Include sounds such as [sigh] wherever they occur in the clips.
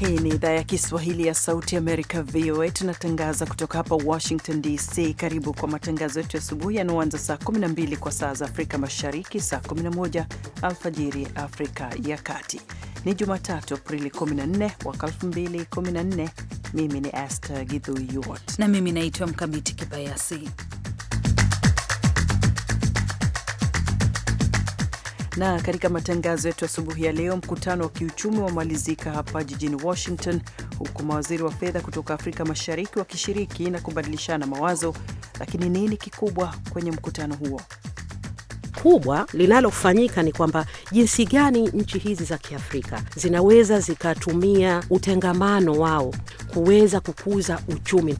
Hii ni idhaa ya Kiswahili ya Sauti Amerika, VOA. Tunatangaza kutoka hapa Washington DC. Karibu kwa matangazo yetu ya asubuhi yanaoanza saa 12 kwa saa za Afrika Mashariki, saa 11 alfajiri Afrika ya Kati. Ni Jumatatu, Aprili 14 mwaka 2014. Mimi ni Aster Gidhu na mimi naitwa Mkamiti Kibayasi. Na katika matangazo yetu asubuhi ya leo, mkutano wa kiuchumi wamalizika hapa jijini Washington, huku mawaziri wa fedha kutoka Afrika Mashariki wakishiriki na kubadilishana mawazo. Lakini nini kikubwa kwenye mkutano huo? kubwa linalofanyika ni kwamba jinsi gani nchi hizi za Kiafrika zinaweza zikatumia utengamano wao kuweza kukuza uchumi.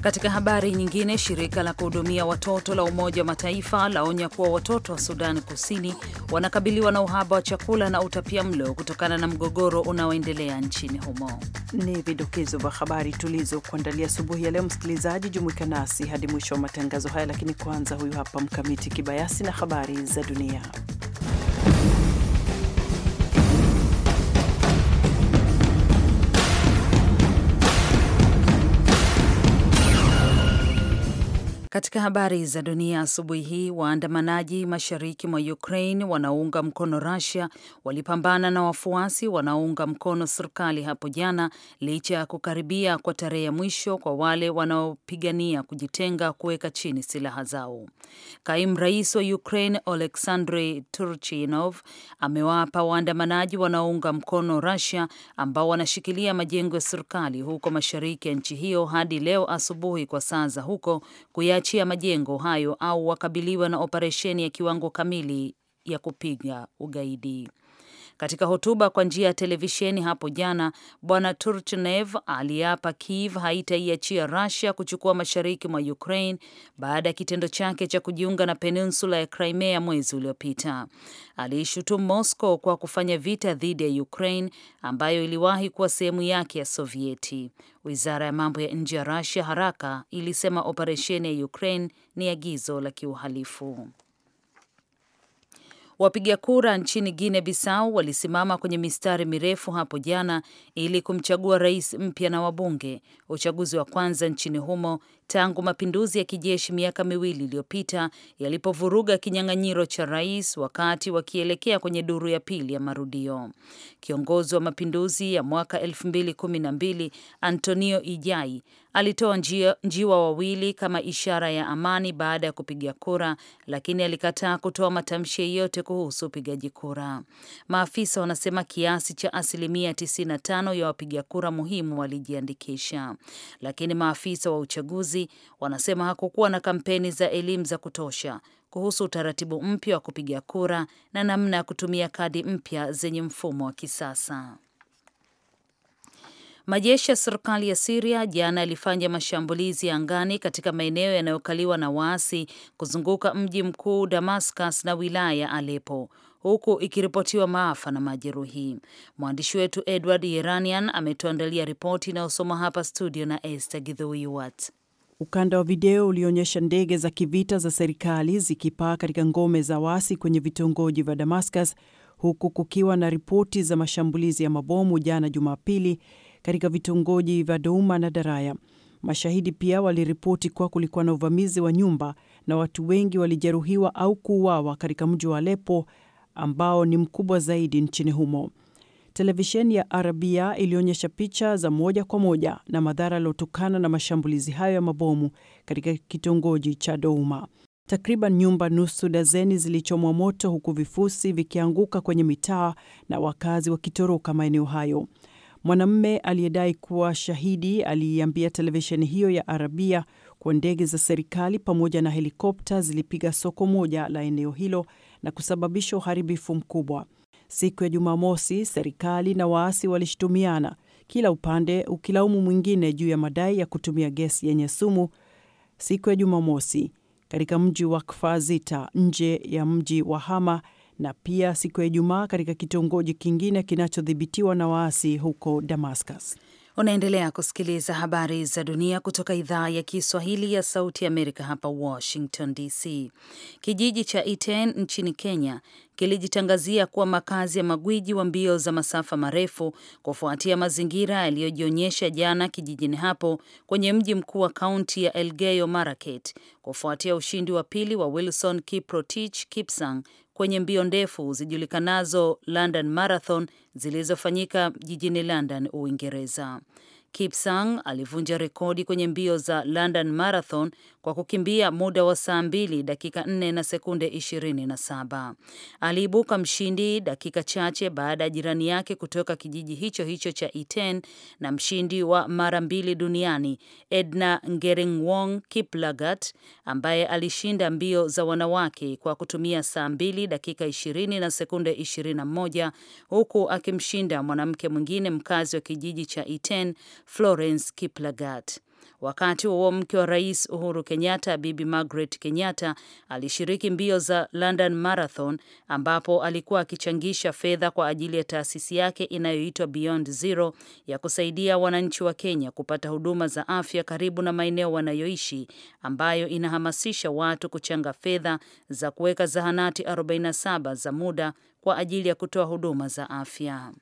Katika habari nyingine, shirika la kuhudumia watoto la Umoja wa Mataifa laonya kuwa watoto wa Sudan Kusini wanakabiliwa na uhaba wa chakula na utapia mlo kutokana na mgogoro unaoendelea nchini humo. Ni vidokezo vya habari tulizokuandalia asubuhi ya leo. Msikilizaji, jumuika nasi hadi mwisho wa matangazo haya, lakini kwanza, huyu hapa Mkamiti Kibayasi na habari za dunia. Katika habari za dunia asubuhi hii, waandamanaji mashariki mwa Ukraine wanaounga mkono Russia walipambana na wafuasi wanaounga mkono serikali hapo jana, licha ya kukaribia kwa tarehe ya mwisho kwa wale wanaopigania kujitenga kuweka chini silaha zao. Kaimu rais wa Ukraine Oleksandr Turchinov amewapa waandamanaji wanaounga mkono Russia ambao wanashikilia majengo ya serikali huko mashariki ya nchi hiyo hadi leo asubuhi kwa saa za huko kuya kuachia majengo hayo au wakabiliwa na operesheni ya kiwango kamili ya kupiga ugaidi. Katika hotuba kwa njia ya televisheni hapo jana, Bwana Turchnev aliapa Kiev haitaiachia rasia kuchukua mashariki mwa Ukraine baada ya kitendo chake cha kujiunga na peninsula ya Crimea mwezi uliopita. Aliishutumu Moscow kwa kufanya vita dhidi ya Ukraine ambayo iliwahi kuwa sehemu yake ya Sovieti. Wizara ya mambo ya nje ya rasia haraka ilisema operesheni ya Ukraine ni agizo la kiuhalifu. Wapiga kura nchini Guinea Bissau walisimama kwenye mistari mirefu hapo jana ili kumchagua rais mpya na wabunge, uchaguzi wa kwanza nchini humo tangu mapinduzi ya kijeshi miaka miwili iliyopita yalipovuruga kinyang'anyiro cha rais wakati wakielekea kwenye duru ya pili ya marudio. Kiongozi wa mapinduzi ya mwaka 2012 Antonio Ijai alitoa njiwa wawili kama ishara ya amani baada ya kupiga kura, lakini alikataa kutoa matamshi yeyote kuhusu upigaji kura. Maafisa wanasema kiasi cha asilimia 95 ya wapiga kura muhimu walijiandikisha, lakini maafisa wa uchaguzi wanafunzi wanasema hakukuwa na kampeni za elimu za kutosha kuhusu utaratibu mpya wa kupiga kura na namna ya kutumia kadi mpya zenye mfumo wa kisasa. Majeshi ya serikali ya Siria jana yalifanya mashambulizi ya angani katika maeneo yanayokaliwa na waasi kuzunguka mji mkuu Damascus na wilaya ya Alepo, huku ikiripotiwa maafa na majeruhi. Mwandishi wetu Edward Yeranian ametuandalia ripoti inayosoma hapa studio na Esther Gidhuiwat. Ukanda wa video ulionyesha ndege za kivita za serikali zikipaa katika ngome za wasi kwenye vitongoji vya Damascus, huku kukiwa na ripoti za mashambulizi ya mabomu jana Jumapili katika vitongoji vya Douma na Daraya. Mashahidi pia waliripoti kuwa kulikuwa na uvamizi wa nyumba na watu wengi walijeruhiwa au kuuawa katika mji wa Alepo ambao ni mkubwa zaidi nchini humo televisheni ya Arabia ilionyesha picha za moja kwa moja na madhara yaliyotokana na mashambulizi hayo ya mabomu katika kitongoji cha Douma. Takriban nyumba nusu dazeni zilichomwa moto huku vifusi vikianguka kwenye mitaa na wakazi wakitoroka maeneo hayo. Mwanamme aliyedai kuwa shahidi aliiambia televisheni hiyo ya Arabia kuwa ndege za serikali pamoja na helikopta zilipiga soko moja la eneo hilo na kusababisha uharibifu mkubwa. Siku ya Jumamosi, serikali na waasi walishutumiana, kila upande ukilaumu mwingine juu ya madai ya kutumia gesi yenye sumu siku ya Jumamosi katika mji wa Kfar Zita nje ya mji wa Hama na pia siku ya Ijumaa katika kitongoji kingine kinachodhibitiwa na waasi huko Damascus. Unaendelea kusikiliza habari za dunia kutoka idhaa ya Kiswahili ya Sauti ya Amerika hapa Washington DC. Kijiji cha Iten nchini Kenya kilijitangazia kuwa makazi ya magwiji wa mbio za masafa marefu kufuatia mazingira yaliyojionyesha jana kijijini hapo kwenye mji mkuu wa kaunti ya Elgeyo Marakwet kufuatia ushindi wa pili wa Wilson Kiprotich Kipsang kwenye mbio ndefu zijulikanazo London Marathon zilizofanyika jijini London, Uingereza. Kipsang alivunja rekodi kwenye mbio za London Marathon kwa kukimbia muda wa saa 2 dakika 4 na sekunde 27. Aliibuka mshindi dakika chache baada ya jirani yake kutoka kijiji hicho hicho cha Iten na mshindi wa mara mbili duniani Edna Ngeringwong Kiplagat ambaye alishinda mbio za wanawake kwa kutumia saa 2 dakika 20 na sekunde 21 huku akimshinda mwanamke mwingine mkazi wa kijiji cha Iten Florence Kiplagat. Wakati wa mke wa rais Uhuru Kenyatta, Bibi Margaret Kenyatta alishiriki mbio za London Marathon, ambapo alikuwa akichangisha fedha kwa ajili ya taasisi yake inayoitwa Beyond Zero ya kusaidia wananchi wa Kenya kupata huduma za afya karibu na maeneo wanayoishi, ambayo inahamasisha watu kuchanga fedha za kuweka zahanati 47 za muda kwa ajili ya kutoa huduma za afya.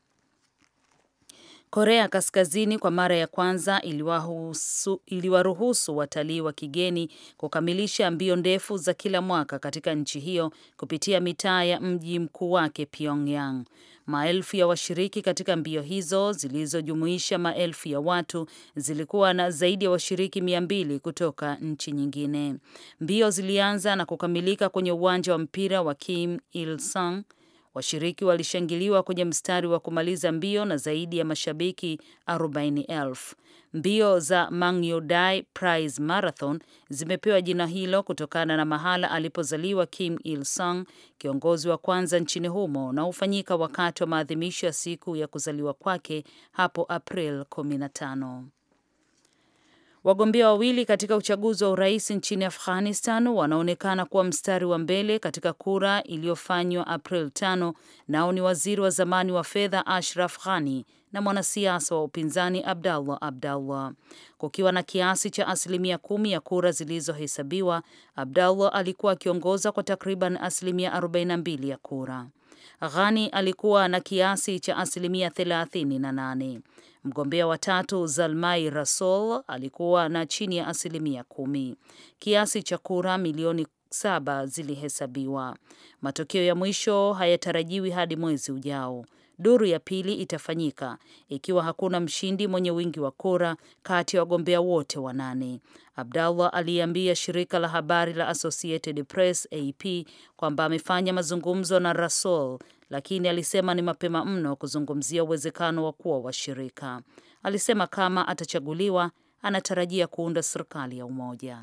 Korea Kaskazini kwa mara ya kwanza iliwaruhusu iliwaruhusu watalii wa kigeni kukamilisha mbio ndefu za kila mwaka katika nchi hiyo kupitia mitaa ya mji mkuu wake Pyongyang. Maelfu ya washiriki katika mbio hizo zilizojumuisha maelfu ya watu zilikuwa na zaidi ya washiriki mia mbili kutoka nchi nyingine. Mbio zilianza na kukamilika kwenye uwanja wa mpira wa Kim Il Sung Washiriki walishangiliwa kwenye mstari wa kumaliza mbio na zaidi ya mashabiki 40,000. Mbio za Mangyodai Prize Marathon zimepewa jina hilo kutokana na mahala alipozaliwa Kim Il Sung, kiongozi wa kwanza nchini humo, na hufanyika wakati wa maadhimisho ya siku ya kuzaliwa kwake hapo April 15. Wagombea wawili katika uchaguzi wa urais nchini Afghanistan wanaonekana kuwa mstari wa mbele katika kura iliyofanywa April tano, nao ni waziri wa zamani wa fedha Ashraf Ghani na mwanasiasa wa upinzani Abdallah Abdallah. Kukiwa na kiasi cha asilimia kumi ya kura zilizohesabiwa, Abdallah alikuwa akiongoza kwa takriban asilimia 42 ya kura. Ghani alikuwa na kiasi cha asilimia 38. Mgombea wa tatu Zalmai Rasol alikuwa na chini ya asilimia kumi. Kiasi cha kura milioni saba zilihesabiwa. Matokeo ya mwisho hayatarajiwi hadi mwezi ujao. Duru ya pili itafanyika ikiwa hakuna mshindi mwenye wingi wa kura kati ya wagombea wote wanane. Abdallah aliambia shirika la habari la Associated Press AP kwamba amefanya mazungumzo na Rasul, lakini alisema ni mapema mno kuzungumzia uwezekano wa kuwa washirika. Alisema kama atachaguliwa, anatarajia kuunda serikali ya umoja.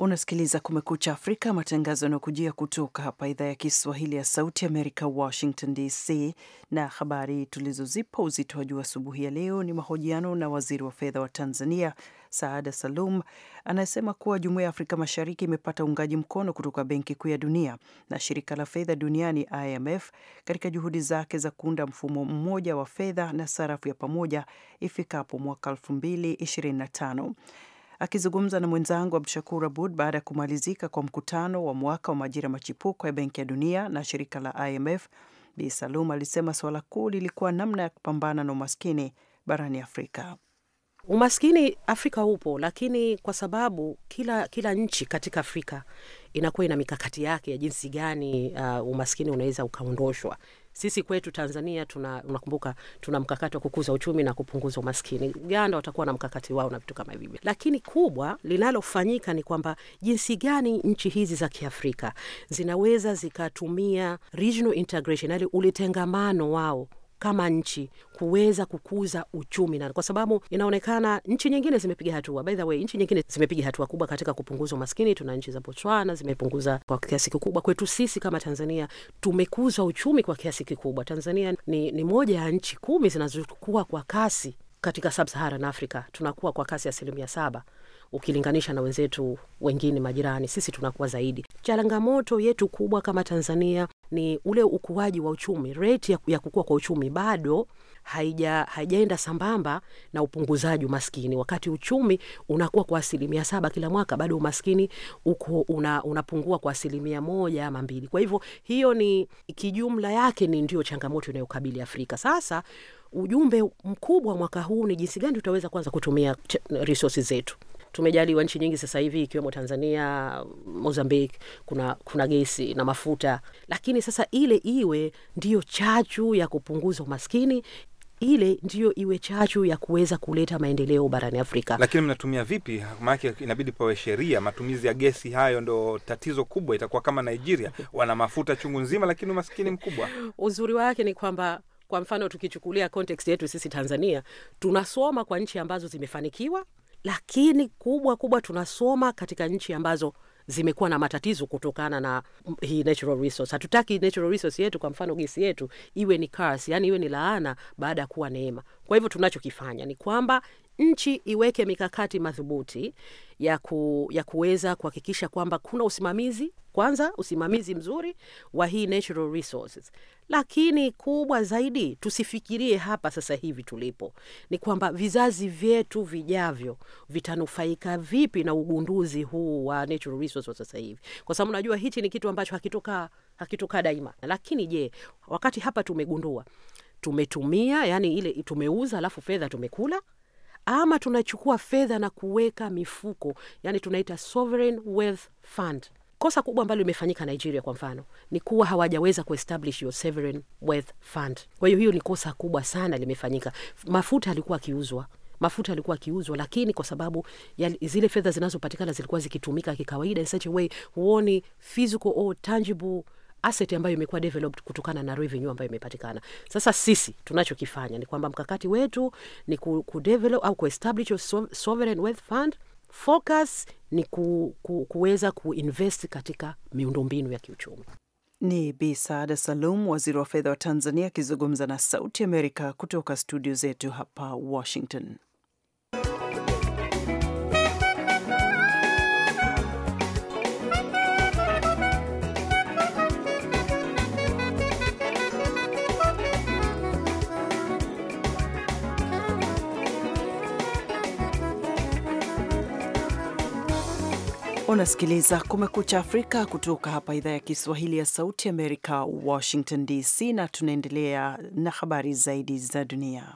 Unasikiliza Kumekucha Afrika, matangazo yanayokujia kutoka hapa idhaa ya Kiswahili ya Sauti Amerika, Washington DC. Na habari tulizozipa uzito wa juu asubuhi ya leo ni mahojiano na waziri wa fedha wa Tanzania, Saada Salum, anasema kuwa Jumuiya ya Afrika Mashariki imepata uungaji mkono kutoka Benki Kuu ya Dunia na Shirika la Fedha Duniani, IMF, katika juhudi zake za kuunda mfumo mmoja wa fedha na sarafu ya pamoja ifikapo mwaka 2025. Akizungumza na mwenzangu Abdu Shakur Abud baada ya kumalizika kwa mkutano wa mwaka wa majira machipuko ya Benki ya Dunia na shirika la IMF, Bi Salum alisema suala kuu lilikuwa namna ya kupambana na umaskini barani Afrika. Umaskini Afrika upo, lakini kwa sababu kila, kila nchi katika Afrika inakuwa ina mikakati yake ya jinsi gani uh, umaskini unaweza ukaondoshwa. Sisi kwetu Tanzania tuna, unakumbuka tuna mkakati wa kukuza uchumi na kupunguza umaskini. Uganda watakuwa na mkakati wao na vitu kama hivyo, lakini kubwa linalofanyika ni kwamba jinsi gani nchi hizi za Kiafrika zinaweza zikatumia regional integration, yani ulitengamano wao kama nchi kuweza kukuza uchumi, na kwa sababu inaonekana nchi nyingine zimepiga hatua. By the way, nchi nyingine zimepiga hatua kubwa katika kupunguza umaskini. Tuna nchi za Botswana zimepunguza kwa kiasi kikubwa. Kwetu sisi kama Tanzania tumekuza uchumi kwa kiasi kikubwa. Tanzania ni, ni moja ya nchi kumi zinazokuwa kwa kasi katika sub-Saharan Africa, tunakuwa kwa kasi ya asilimia saba ukilinganisha na wenzetu wengine majirani, sisi tunakuwa zaidi. Changamoto yetu kubwa kama Tanzania ni ule ukuaji wa uchumi, rate ya kukua kwa uchumi bado haija haijaenda sambamba na upunguzaji umaskini. Wakati uchumi unakuwa kwa asilimia saba kila mwaka, bado umaskini uko una, unapungua kwa asilimia moja ama mbili. Kwa hivyo hiyo ni kijumla yake ni ndiyo changamoto inayokabili Afrika sasa. Ujumbe mkubwa mwaka huu ni jinsi gani tutaweza kwanza kutumia resources zetu tumejaliwa nchi nyingi sasa hivi ikiwemo Tanzania, mozambik kuna, kuna gesi na mafuta, lakini sasa ile iwe ndiyo chachu ya kupunguza umaskini ile ndiyo iwe chachu ya kuweza kuleta maendeleo barani Afrika. Lakini mnatumia vipi? Maanake inabidi pawe sheria. Matumizi ya gesi hayo ndo tatizo kubwa. Itakuwa kama Nigeria, [laughs] wana mafuta chungu nzima, lakini umaskini mkubwa. Uzuri wake ni kwamba kwa mfano tukichukulia context yetu sisi Tanzania, tunasoma kwa nchi ambazo zimefanikiwa lakini kubwa kubwa tunasoma katika nchi ambazo zimekuwa na matatizo kutokana na hii natural resource. Hatutaki natural resource yetu, kwa mfano gesi yetu, iwe ni curse, yani iwe ni laana baada ya kuwa neema. Kwa hivyo tunachokifanya ni kwamba nchi iweke mikakati madhubuti ya, ku, ya kuweza kuhakikisha kwamba kuna usimamizi kwanza usimamizi mzuri wa hii natural resources, lakini kubwa zaidi tusifikirie hapa sasa hivi tulipo, ni kwamba vizazi vyetu vijavyo vitanufaika vipi na ugunduzi huu wa natural resources wa sasa hivi, kwa sababu najua hichi ni kitu ambacho hakitoka hakitoka daima. Lakini je, wakati hapa tumegundua tumetumia, yani ile tumeuza, alafu fedha tumekula ama tunachukua fedha na kuweka mifuko, yani tunaita sovereign wealth fund Kosa kubwa ambalo limefanyika Nigeria kwa mfano ni kuwa hawajaweza kuestablish your sovereign wealth fund. Kwa hiyo hiyo ni kosa kubwa sana limefanyika. Mafuta alikuwa akiuzwa mafuta alikuwa akiuzwa, lakini kwa sababu ya zile fedha zinazopatikana zilikuwa zikitumika kikawaida in such a way, huoni physical or tangible asset ambayo imekuwa developed kutokana na revenue ambayo imepatikana. Sasa sisi tunachokifanya ni kwamba mkakati wetu ni ku, ku develop au ku establish sovereign wealth fund focus ni ku, ku, kuweza kuinvest katika miundombinu ya kiuchumi. Ni Bi Saada Salum, waziri wa fedha wa Tanzania, akizungumza na Sauti Amerika kutoka studio zetu hapa Washington. Unasikiliza Kumekucha Afrika kutoka hapa idhaa ya Kiswahili ya Sauti Amerika, Washington DC, na tunaendelea na habari zaidi za dunia.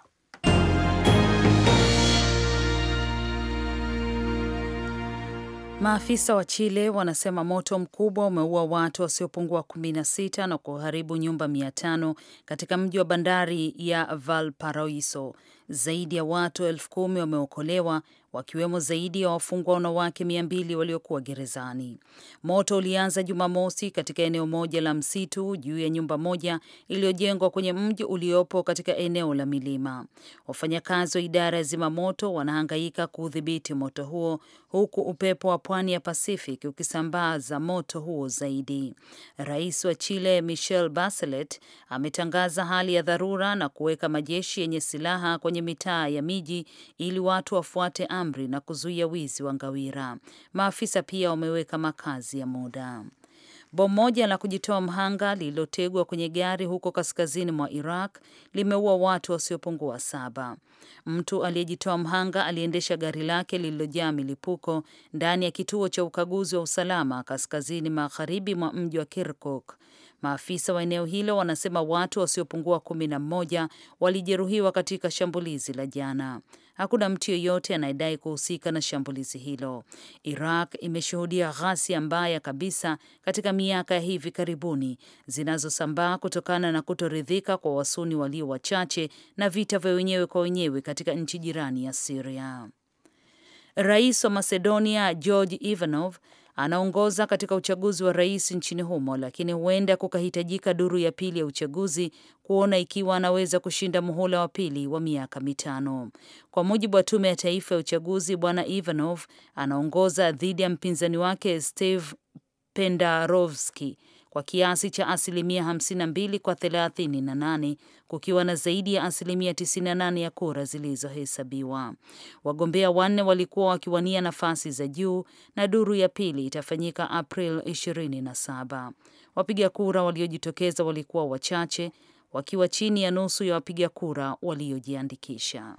Maafisa wa Chile wanasema moto mkubwa umeua watu wasiopungua 16 na kuharibu nyumba 500 katika mji wa bandari ya Valparaiso. Zaidi ya watu elfu kumi wameokolewa wakiwemo zaidi ya wafungwa wanawake mia mbili waliokuwa gerezani. Moto ulianza Jumamosi katika eneo moja la msitu juu ya nyumba moja iliyojengwa kwenye mji uliopo katika eneo la milima. Wafanyakazi wa idara ya zimamoto wanahangaika kuudhibiti moto huo huku upepo wa pwani ya Pacific ukisambaza moto huo zaidi. Rais wa Chile Michelle Bachelet ametangaza hali ya dharura na kuweka majeshi yenye silaha kwenye mitaa ya miji ili watu wafuate amri na kuzuia wizi wa ngawira. Maafisa pia wameweka makazi ya muda. Bomu moja la kujitoa mhanga lililotegwa kwenye gari huko kaskazini mwa Iraq limeua watu wasiopungua wa saba. Mtu aliyejitoa mhanga aliendesha gari lake lililojaa milipuko ndani ya kituo cha ukaguzi wa usalama kaskazini magharibi mwa mji wa Kirkuk. Maafisa wa eneo hilo wanasema watu wasiopungua kumi na mmoja walijeruhiwa katika shambulizi la jana. Hakuna mtu yeyote anayedai kuhusika na shambulizi hilo. Iraq imeshuhudia ghasia mbaya kabisa katika miaka ya hivi karibuni zinazosambaa kutokana na kutoridhika kwa wasuni walio wachache na vita vya wenyewe kwa wenyewe katika nchi jirani ya Siria. Rais wa Macedonia George Ivanov anaongoza katika uchaguzi wa rais nchini humo, lakini huenda kukahitajika duru ya pili ya uchaguzi kuona ikiwa anaweza kushinda muhula wa pili wa miaka mitano. Kwa mujibu wa tume ya taifa ya uchaguzi, bwana Ivanov anaongoza dhidi ya mpinzani wake Steve Pendarovski kwa kiasi cha asilimia 52 kwa 38, kukiwa na zaidi ya asilimia 98 ya kura zilizohesabiwa. Wagombea wanne walikuwa wakiwania nafasi za juu na duru ya pili itafanyika April 27. Wapiga kura waliojitokeza walikuwa wachache, wakiwa chini ya nusu ya wapiga kura waliojiandikisha.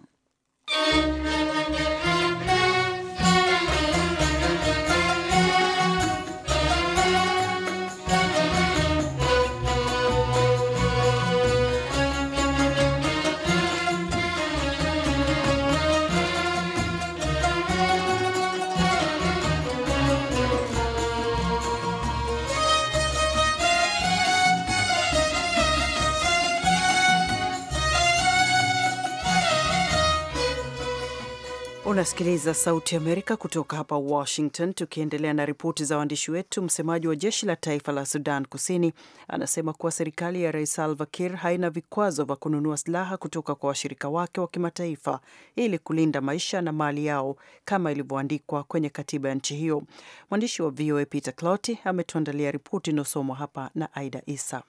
Unasikiliza Sauti Amerika kutoka hapa Washington. Tukiendelea na ripoti za waandishi wetu, msemaji wa jeshi la taifa la Sudan Kusini anasema kuwa serikali ya Rais Salva Kiir haina vikwazo vya kununua silaha kutoka kwa washirika wake wa kimataifa ili kulinda maisha na mali yao kama ilivyoandikwa kwenye katiba ya nchi hiyo. Mwandishi wa VOA Peter Cloti ametuandalia ripoti inayosomwa hapa na Aida Isa.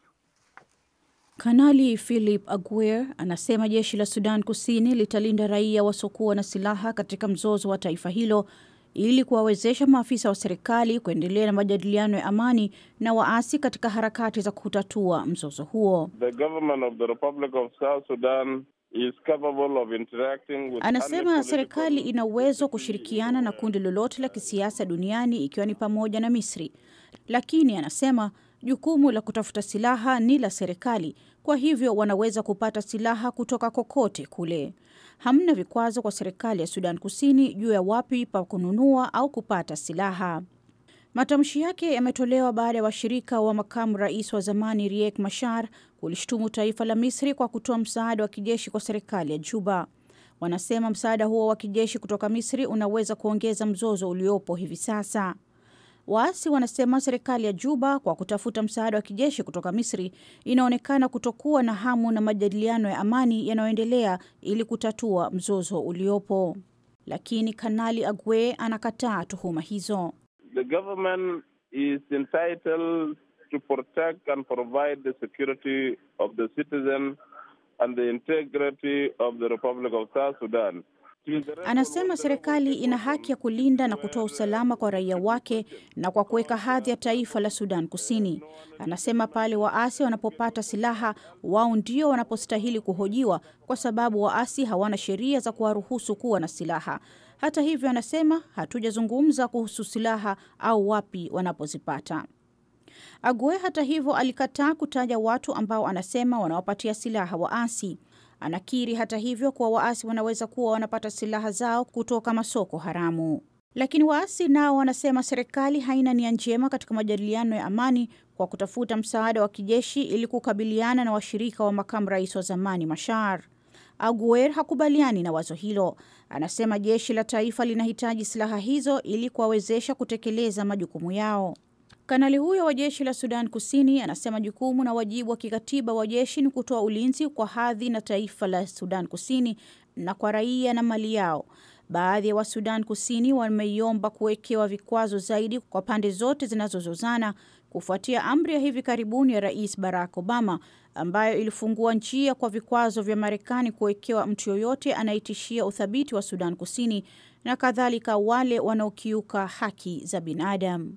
Kanali Philip Aguer anasema jeshi la Sudan Kusini litalinda raia wasokuwa na silaha katika mzozo wa taifa hilo ili kuwawezesha maafisa wa serikali kuendelea na majadiliano ya amani na waasi katika harakati za kutatua mzozo huo. The government of the Republic of South Sudan is capable of interacting with anasema serikali ina uwezo kushirikiana na kundi lolote la kisiasa duniani ikiwa ni pamoja na Misri, lakini anasema jukumu la kutafuta silaha ni la serikali, kwa hivyo wanaweza kupata silaha kutoka kokote kule. Hamna vikwazo kwa serikali ya Sudan Kusini juu ya wapi pa kununua au kupata silaha. Matamshi yake yametolewa baada ya washirika wa makamu rais wa zamani Riek Machar kulishutumu taifa la Misri kwa kutoa msaada wa kijeshi kwa serikali ya Juba. Wanasema msaada huo wa kijeshi kutoka Misri unaweza kuongeza mzozo uliopo hivi sasa. Waasi wanasema serikali ya Juba kwa kutafuta msaada wa kijeshi kutoka Misri inaonekana kutokuwa na hamu na majadiliano ya amani yanayoendelea ili kutatua mzozo uliopo, lakini Kanali Agwe anakataa tuhuma hizo. The government is entitled to protect and provide the security of the citizen and the integrity of the Republic of South Sudan. Anasema serikali ina haki ya kulinda na kutoa usalama kwa raia wake na kwa kuweka hadhi ya taifa la Sudan Kusini. Anasema pale waasi wanapopata silaha, wao ndio wanapostahili kuhojiwa, kwa sababu waasi hawana sheria za kuwaruhusu kuwa na silaha. Hata hivyo, anasema hatujazungumza kuhusu silaha au wapi wanapozipata. Ague hata hivyo alikataa kutaja watu ambao anasema wanawapatia silaha waasi. Anakiri hata hivyo kuwa waasi wanaweza kuwa wanapata silaha zao kutoka masoko haramu. Lakini waasi nao wanasema serikali haina nia njema katika majadiliano ya amani kwa kutafuta msaada wa kijeshi ili kukabiliana na washirika wa makamu rais wa zamani Mashar. Aguer hakubaliani na wazo hilo. Anasema jeshi la taifa linahitaji silaha hizo ili kuwawezesha kutekeleza majukumu yao. Kanali huyo wa jeshi la Sudan Kusini anasema jukumu na wajibu wa kikatiba wa jeshi ni kutoa ulinzi kwa hadhi na taifa la Sudan Kusini na kwa raia na mali yao. Baadhi ya wa Sudan Kusini wameiomba kuwekewa vikwazo zaidi kwa pande zote zinazozozana kufuatia amri ya hivi karibuni ya Rais Barack Obama ambayo ilifungua njia kwa vikwazo vya Marekani kuwekewa mtu yoyote anayetishia uthabiti wa Sudan Kusini na kadhalika wale wanaokiuka haki za binadamu.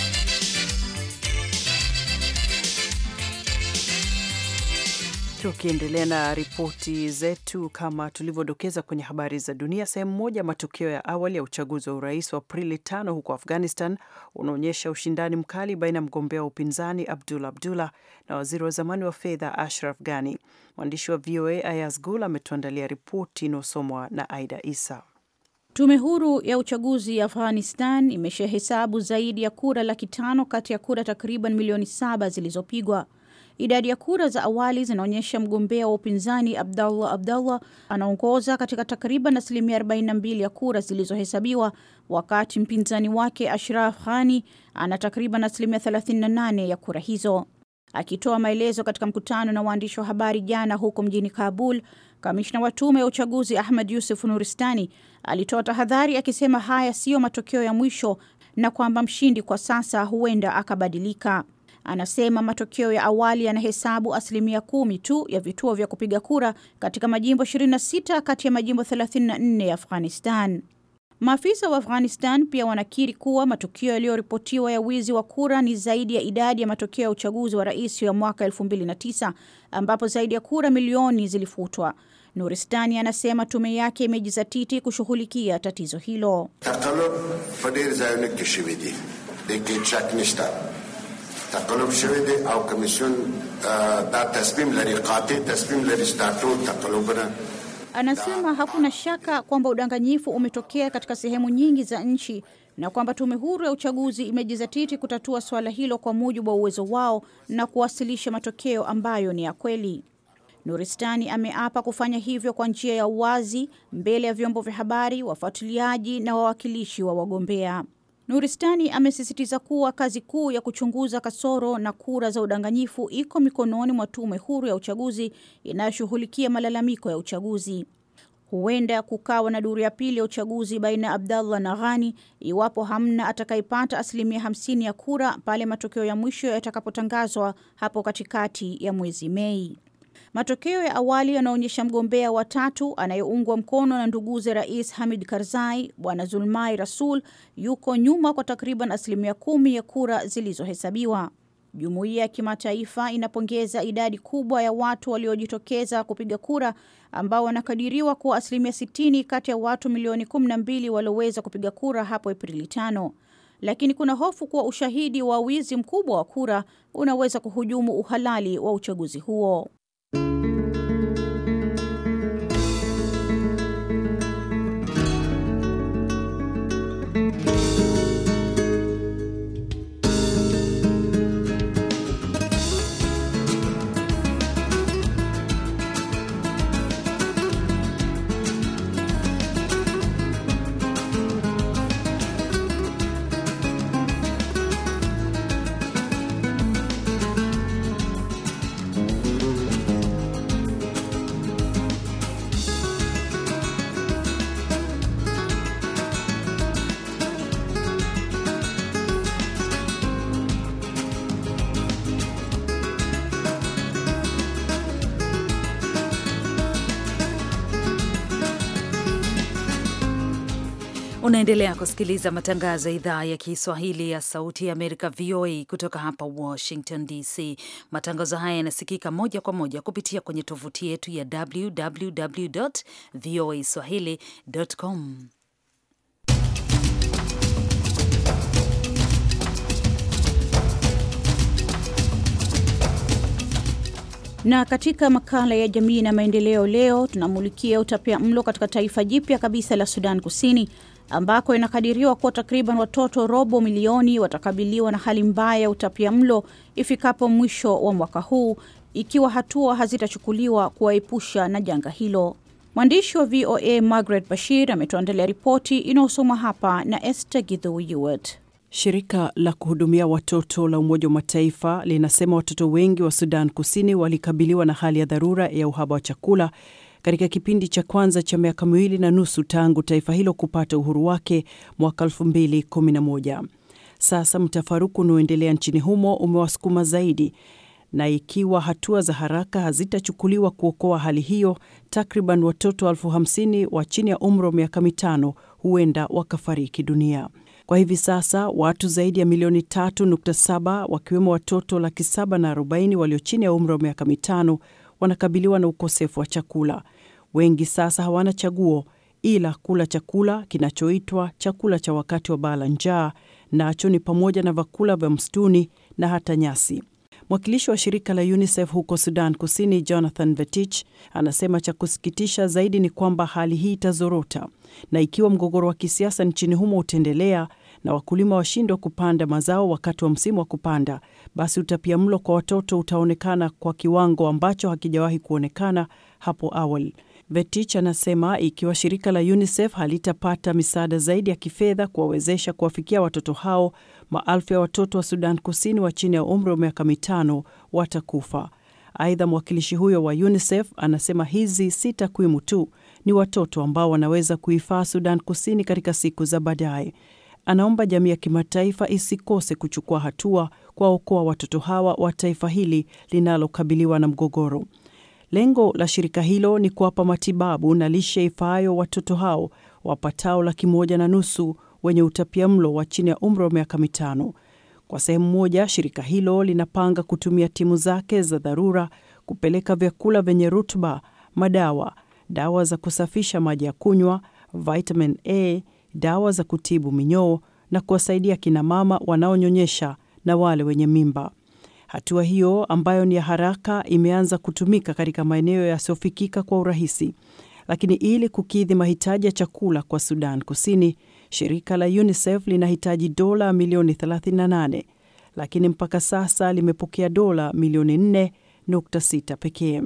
Tukiendelea na ripoti zetu, kama tulivyodokeza kwenye habari za dunia sehemu moja, matokeo ya awali ya uchaguzi wa urais wa Aprili tano huko Afghanistan unaonyesha ushindani mkali baina ya mgombea wa upinzani Abdul Abdullah na waziri wa zamani wa fedha Ashraf Ghani. Mwandishi wa VOA Ayaz Gul ametuandalia ripoti inayosomwa na Aida Isa. Tume huru ya uchaguzi ya Afghanistan imeshahesabu zaidi ya kura laki tano kati ya kura takriban milioni saba zilizopigwa. Idadi ya kura za awali zinaonyesha mgombea wa upinzani Abdallah Abdallah anaongoza katika takriban asilimia 42 ya kura zilizohesabiwa, wakati mpinzani wake Ashraf Ghani ana takriban asilimia 38 ya kura hizo. Akitoa maelezo katika mkutano na waandishi wa habari jana huko mjini Kabul, kamishna wa tume ya uchaguzi Ahmad Yusuf Nuristani alitoa tahadhari akisema haya siyo matokeo ya mwisho na kwamba mshindi kwa sasa huenda akabadilika anasema matokeo ya awali yanahesabu asilimia kumi tu ya vituo vya kupiga kura katika majimbo 26 kati ya majimbo 34 ya Afghanistan. Maafisa wa Afghanistan pia wanakiri kuwa matukio yaliyoripotiwa ya wizi wa kura ni zaidi ya idadi ya matokeo ya uchaguzi wa rais wa mwaka 2009 ambapo zaidi ya kura milioni zilifutwa. Nuristani anasema tume yake imejizatiti kushughulikia tatizo hilo. تقلب شوی دی او کمیشن دا تصمیم لري قاطع تصمیم لري چې دا ټول تقلبونه Anasema hakuna shaka kwamba udanganyifu umetokea katika sehemu nyingi za nchi na kwamba tume huru ya uchaguzi imejizatiti kutatua suala hilo kwa mujibu wa uwezo wao na kuwasilisha matokeo ambayo ni ya kweli. Nuristani ameapa kufanya hivyo kwa njia ya uwazi mbele ya vyombo vya habari, wafuatiliaji na wawakilishi wa wagombea. Nuristani amesisitiza kuwa kazi kuu ya kuchunguza kasoro na kura za udanganyifu iko mikononi mwa tume huru ya uchaguzi inayoshughulikia malalamiko ya uchaguzi. Huenda kukawa na duru ya pili ya uchaguzi baina ya Abdallah na Ghani iwapo hamna atakayepata asilimia hamsini ya kura pale matokeo ya mwisho yatakapotangazwa hapo katikati ya mwezi Mei. Matokeo ya awali yanaonyesha mgombea wa tatu anayeungwa mkono na nduguze Rais Hamid Karzai, Bwana Zulmai Rasul, yuko nyuma kwa takriban asilimia kumi ya kura zilizohesabiwa. Jumuiya ya kimataifa inapongeza idadi kubwa ya watu waliojitokeza kupiga kura ambao wanakadiriwa kuwa asilimia 60 kati ya watu milioni 12 walioweza kupiga kura hapo Aprili tano, lakini kuna hofu kuwa ushahidi wa wizi mkubwa wa kura unaweza kuhujumu uhalali wa uchaguzi huo. Unaendelea kusikiliza matangazo ya idhaa ya Kiswahili ya Sauti ya Amerika, VOA, kutoka hapa Washington DC. Matangazo haya yanasikika moja kwa moja kupitia kwenye tovuti yetu ya www voa swahili.com. na katika makala ya jamii na maendeleo leo tunamulikia utapia mlo katika taifa jipya kabisa la Sudan Kusini ambako inakadiriwa kuwa takriban watoto robo milioni watakabiliwa na hali mbaya ya utapia mlo ifikapo mwisho wa mwaka huu ikiwa hatua hazitachukuliwa kuwaepusha na janga hilo. Mwandishi wa VOA Margaret Bashir ametuandalia ripoti inayosomwa hapa na Esther Githu Shirika la kuhudumia watoto la Umoja wa Mataifa linasema watoto wengi wa Sudan Kusini walikabiliwa na hali ya dharura ya uhaba wa chakula katika kipindi cha kwanza cha miaka miwili na nusu tangu taifa hilo kupata uhuru wake mwaka 2011. Sasa mtafaruku unaoendelea nchini humo umewasukuma zaidi, na ikiwa hatua za haraka hazitachukuliwa kuokoa hali hiyo, takriban watoto elfu hamsini wa chini ya umri wa miaka mitano huenda wakafariki dunia. Kwa hivi sasa watu zaidi ya milioni 3.7 wakiwemo watoto laki 7 na 40 walio chini ya umri wa miaka mitano wanakabiliwa na ukosefu wa chakula. Wengi sasa hawana chaguo ila kula chakula kinachoitwa chakula cha wakati wa baa la njaa, nacho ni pamoja na vyakula vya msituni na hata nyasi. Mwakilishi wa shirika la UNICEF huko Sudan Kusini, Jonathan Vetich, anasema cha kusikitisha zaidi ni kwamba hali hii itazorota, na ikiwa mgogoro wa kisiasa nchini humo utaendelea na wakulima washindwa kupanda mazao wakati wa msimu wa kupanda, basi utapia mlo kwa watoto utaonekana kwa kiwango ambacho hakijawahi kuonekana hapo awali. Vetich anasema ikiwa shirika la UNICEF halitapata misaada zaidi ya kifedha kuwawezesha kuwafikia watoto hao, maelfu ya watoto wa Sudan Kusini wa chini ya umri wa miaka mitano watakufa. Aidha, mwakilishi huyo wa UNICEF anasema hizi si takwimu tu, ni watoto ambao wanaweza kuifaa Sudan Kusini katika siku za baadaye anaomba jamii ya kimataifa isikose kuchukua hatua kuwaokoa watoto hawa wa taifa hili linalokabiliwa na mgogoro. Lengo la shirika hilo ni kuwapa matibabu na lishe ifaayo watoto hao wapatao laki moja na nusu wenye utapiamlo wa chini ya umri wa miaka mitano. Kwa sehemu moja, shirika hilo linapanga kutumia timu zake za dharura kupeleka vyakula vyenye rutuba, madawa, dawa za kusafisha maji ya kunywa, vitamin A dawa za kutibu minyoo na kuwasaidia kina mama wanaonyonyesha na wale wenye mimba. Hatua hiyo ambayo ni ya haraka imeanza kutumika katika maeneo yasiyofikika kwa urahisi. Lakini ili kukidhi mahitaji ya chakula kwa Sudan Kusini, shirika la UNICEF linahitaji dola milioni 38, lakini mpaka sasa limepokea dola milioni 4.6 pekee.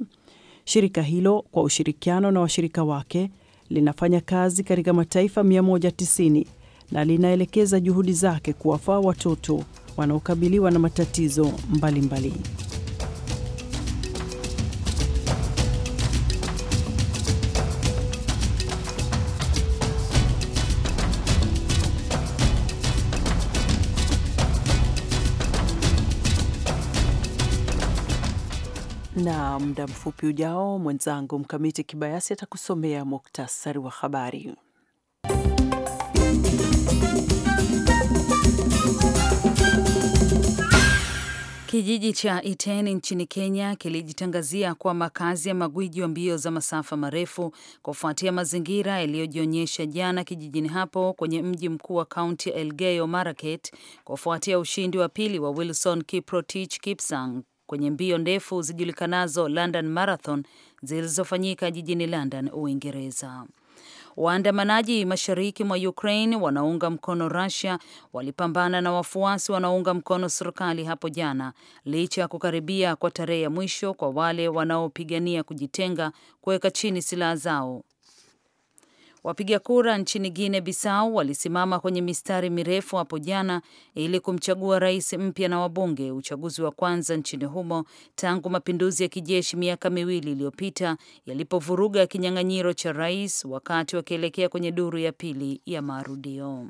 Shirika hilo kwa ushirikiano na washirika wake linafanya kazi katika mataifa 190 na linaelekeza juhudi zake kuwafaa watoto wanaokabiliwa na matatizo mbalimbali mbali. muda mfupi ujao mwenzangu Mkamiti Kibayasi atakusomea muktasari wa habari. Kijiji cha Iten nchini Kenya kilijitangazia kwa makazi ya magwiji wa mbio za masafa marefu kufuatia mazingira yaliyojionyesha jana kijijini hapo kwenye mji mkuu wa kaunti ya Elgeyo Marakwet kufuatia ushindi wa pili wa Wilson Kiprotich Kipsang kwenye mbio ndefu zijulikanazo London Marathon zilizofanyika jijini London, Uingereza. Waandamanaji mashariki mwa Ukraine wanaunga mkono Russia walipambana na wafuasi wanaounga mkono serikali hapo jana, licha ya kukaribia kwa tarehe ya mwisho kwa wale wanaopigania kujitenga kuweka chini silaha zao. Wapiga kura nchini Guine Bissau walisimama kwenye mistari mirefu hapo jana ili kumchagua rais mpya na wabunge, uchaguzi wa kwanza nchini humo tangu mapinduzi ya kijeshi miaka miwili iliyopita yalipovuruga kinyang'anyiro cha rais, wakati wakielekea kwenye duru ya pili ya marudio.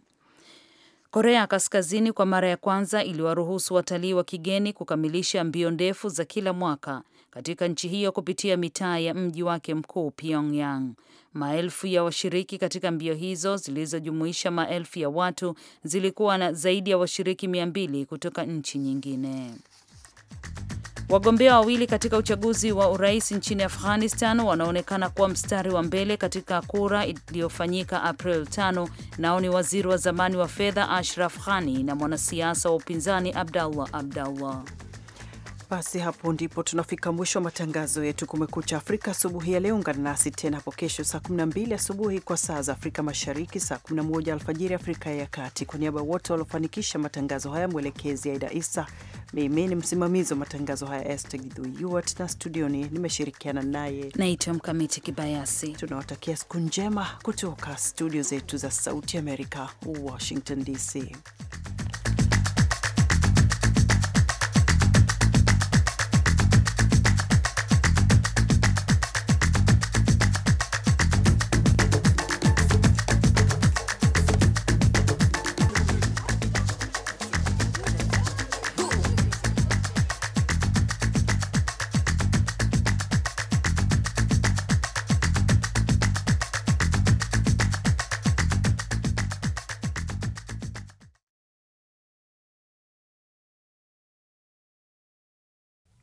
Korea Kaskazini kwa mara ya kwanza iliwaruhusu watalii wa kigeni kukamilisha mbio ndefu za kila mwaka katika nchi hiyo kupitia mitaa ya mji wake mkuu Pyongyang. Maelfu ya washiriki katika mbio hizo zilizojumuisha maelfu ya watu zilikuwa na zaidi ya washiriki mia mbili kutoka nchi nyingine. Wagombea wawili katika uchaguzi wa urais nchini Afghanistan wanaonekana kuwa mstari wa mbele katika kura iliyofanyika April 5. Nao ni waziri wa zamani wa fedha Ashraf Ghani na mwanasiasa wa upinzani Abdallah Abdallah. Basi hapo ndipo tunafika mwisho wa matangazo yetu Kumekucha Afrika asubuhi ya leo. Ungana nasi tena hapo kesho saa 12 asubuhi kwa saa za Afrika Mashariki, saa 11 alfajiri Afrika ya Kati. Kwa niaba ya wote waliofanikisha matangazo haya, mwelekezi Aida Isa, mimi ni msimamizi wa matangazo haya Esther Gidhuiwat, na studioni nimeshirikiana naye naitwa Mkamiti Kibayasi. Tunawatakia siku njema kutoka studio zetu za Sauti Amerika, Washington DC.